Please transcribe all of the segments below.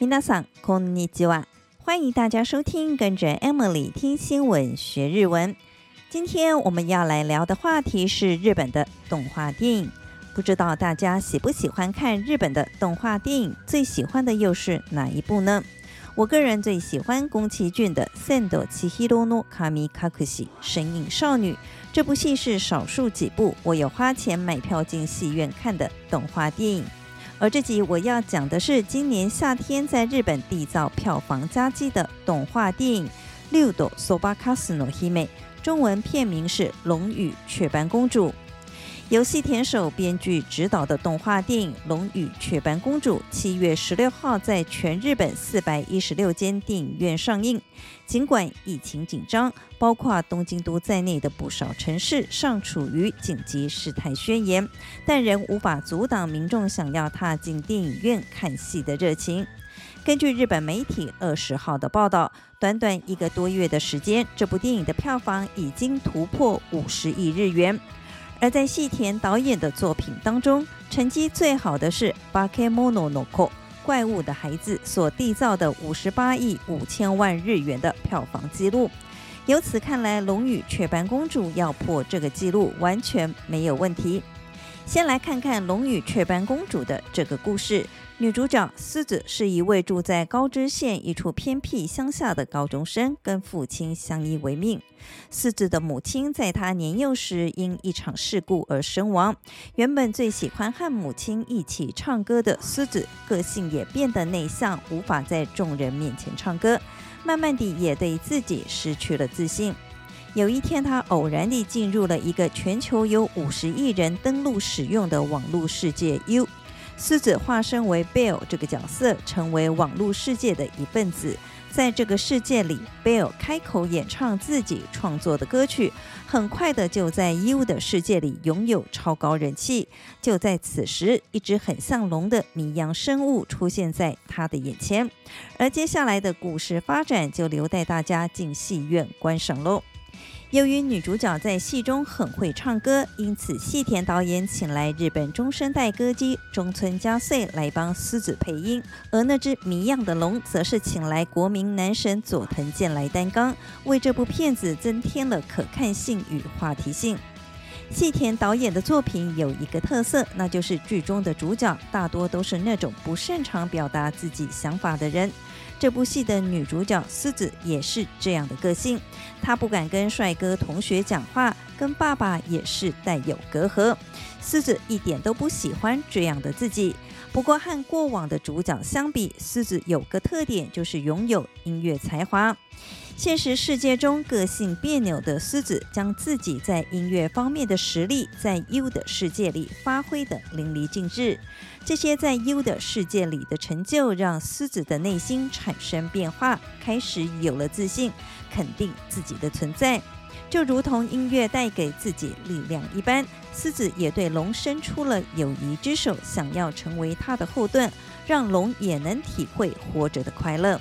皆さんこんにちは！歡迎大家收聽，跟着 Emily 聽新聞學日文。今天我們要來聊的話題是日本的動畫電影。不知道大家喜不喜歡看日本的動畫電影？最喜歡的又是哪一部呢？我個人最喜歡宮崎駿的《千と千尋の神隠し》（神隱少女）。這部戲是少數幾部我有花錢買票進戲院看的動畫電影。而這集我要講的是今年夏天在日本締造票房佳績的動畫電影《竜とそばかすの姫》，中文片名是《龍與雀斑公主》。由細田守編劇、執導的動畫電影《龍與雀斑公主》七月十六號在全日本四百一十六間電影院上映。儘管疫情緊張，包括東京都在內的不少城市尚處於緊急事態宣言，但仍無法阻擋民眾想要踏進電影院看戲的熱情。根據日本媒體二十號的報道，短短一個多月的時間，這部電影的票房已經突破五十億日元。而在細田導演的作品當中，成績最好的是《Bakemono no Ko》，怪物的孩子所締造的五十八億五千萬日元的票房紀錄。由此看來，《龍與雀斑公主》要破這個紀錄完全沒有問題。先來看看《龍與雀斑公主》的這個故事。女主角獅子是一位住在高知縣一處偏僻鄉下的高中生，跟父親相依為命。獅子的母親在她年幼時因一場事故而身亡。原本最喜歡和母親一起唱歌的獅子，個性也變得內向，無法在眾人面前唱歌。慢慢地，也對自己失去了自信。有一天，她偶然地進入了一個全球有五十億人登錄使用的網絡世界 U。獅子化身為 Belle 這個角色，成為網絡世界的一份子。在這個世界裡，Belle 開口演唱自己創作的歌曲，很快的就在 U 的世界裡擁有超高人氣。就在此時，一隻很像龍的謎樣生物出現在他的眼前，而接下來的故事發展就留待大家進戲院觀賞嘍。由於女主角在戲中很會唱歌，因此細田導演請來日本中生代歌姬中村佳穗來幫獅子配音，而那只謎樣的龍則是請來國民男神佐藤健來擔綱，為這部片子增添了可看性與話題性。細田導演的作品有一個特色，那就是劇中的主角大多都是那種不擅長表達自己想法的人。這部戲的女主角思子也是這樣的個性。她不敢跟帥哥同學講話，跟爸爸也是帶有隔閡。思子一點都不喜歡這樣的自己。不過，和過往的主角相比，獅子有個特點，就是擁有音樂才華。現實世界中個性彆扭的獅子，將自己在音樂方面的實力在 U 的世界裡發揮得淋漓盡致。這些在 U 的世界裡的成就，讓獅子的內心產生變化，開始有了自信，肯定自己的存在。就如同音樂帶給自己力量一般，獅子也對龍伸出了友誼之手，想要成為它的後盾，讓龍也能體會活着的快樂。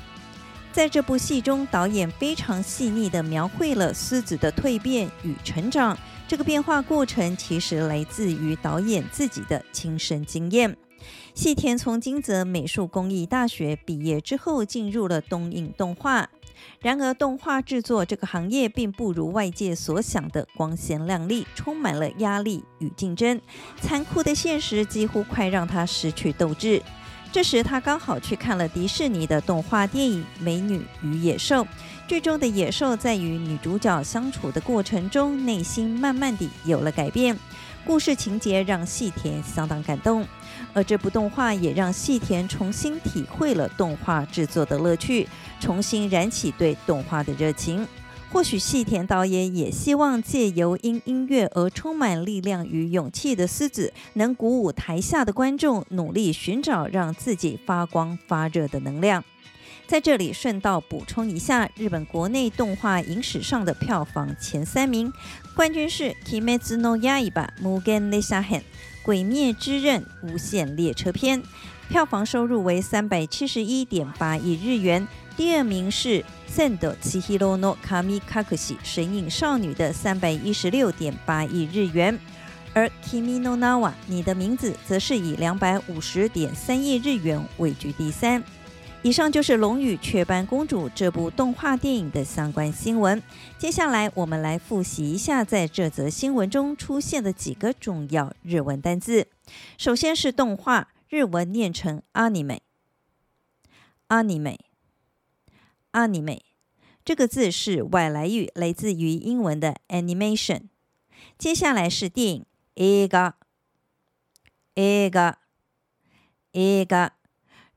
在這部戲中，導演非常細膩地描繪了獅子的蛻變與成長。這個變化過程其實來自於導演自己的親身經驗。細田從金澤美術工藝大學畢業之後，進入了東映動畫。然而，動畫制作這個行業並不如外界所想的光鮮亮麗，充滿了壓力與競爭。殘酷的現實幾乎快讓他失去鬥志。這時，他剛好去看了迪士尼的動畫電影《美女與野獸》，劇中的野獸在與女主角相處的過程中，內心慢慢地有了改變。故事情節讓細田相當感動，而這部動畫也讓細田重新體會了動畫制作的樂趣，重新燃起對動畫的熱情。或許細田導演也希望借由因音樂而充滿力量與勇氣的獅子，能鼓舞台下的觀眾，努力尋找讓自己發光發熱的能量。在這裡順道補充一下，日本國內動畫影史上的票房前三名，冠軍是 Kimetsu no Yaiba Mugen Ressha Hen 鬼滅之刃無限列車篇，票房收入為三百七十一點八億日元；第二名是 Sen to Chihiro no Kamikakushi 神隱少女的三百一十六點八億日元而，而 Kimi no Na wa 你的名字則是以兩百五十點三億日元位居第三。以上就是《龍與雀斑公主》這部動畫電影的相關新聞。接下來，我們來複習一下在這則新聞中出現的幾個重要日文單字。首先是動畫，日文念成 “anime”，“anime”，“anime”。這個字是外來語，來自於英文的 “animation”。接下來是電影，“eiga”，“eiga”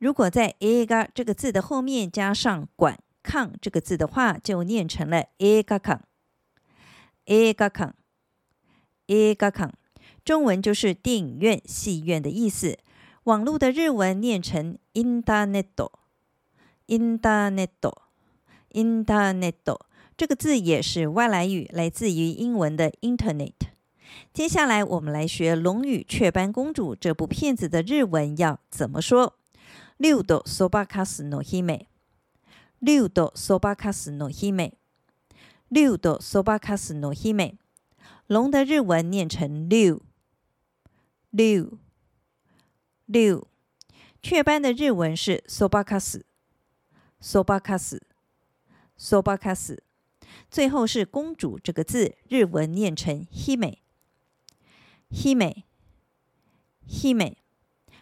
如果在 “a ga” 這個字的後面加上管“管抗”這個字的話，就念成了 “a ga kan”。a ga kan，a ga kan，中文就是電影院、戲院的意思。網絡的日文念成 “internet”，internet，internet，這個字也是外來語，來自於英文的 “internet”。接下來我們來學《龍與雀斑公主》這部片子的日文要怎麼說。竜とそばかすの姫。竜とそばかすの姫。竜とそ、そばかすの姫。龍的日文念成りゅうりゅうりゅう。雀斑的日文是そばかすそばかすそばかす、す。最後是公主這個字，日文念成姫姫姫。姫姫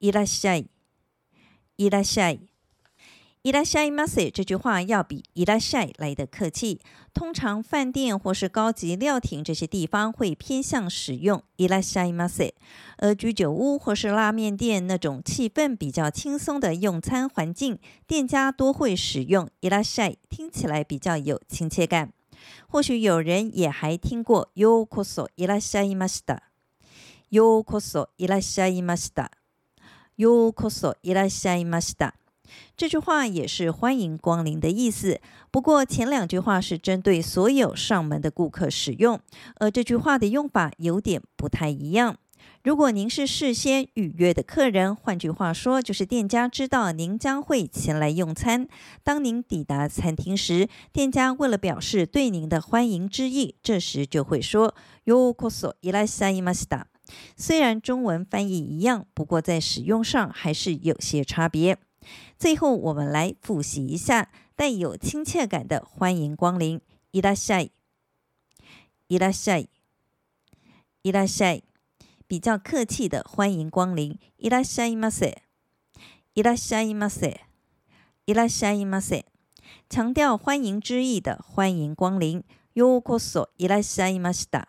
いらっしゃい、いらっしゃい、いらっしゃいませ。這句話要比いらっしゃい來的客氣，通常飯店或是高級料亭這些地方會偏向使用いらっしゃいませ。而居酒屋或是拉麵店那種氣氛比較輕鬆的用餐環境，店家多會使用いらっしゃい，聽起來比較有親切感。或許有人也還聽過ようこそいらっしゃいました、ようこそいらっしゃいました。ようこそいらっしゃいました。這句話也是歡迎光臨的意思。不過前兩句話是針對所有上門的顧客使用，而這句話的用法有點不太一樣。如果您是事先預約的客人，換句話說就是店家知道您將會前來用餐，當您抵達餐廳時，店家為了表示對您的歡迎之意，這時就會說ようこそいらっしゃいました。雖然中文翻譯一樣，不過在使用上還是有些差別。最後，我們來複習一下：帶有親切感的歡迎光臨，いらっしゃい、いらっしゃい、いらっしゃい。比較客氣的歡迎光臨，いらっしゃいませ、いらっしゃいませ、いらっしゃいませ。強調歡迎之意的歡迎光臨，ようこそいらっしゃいました。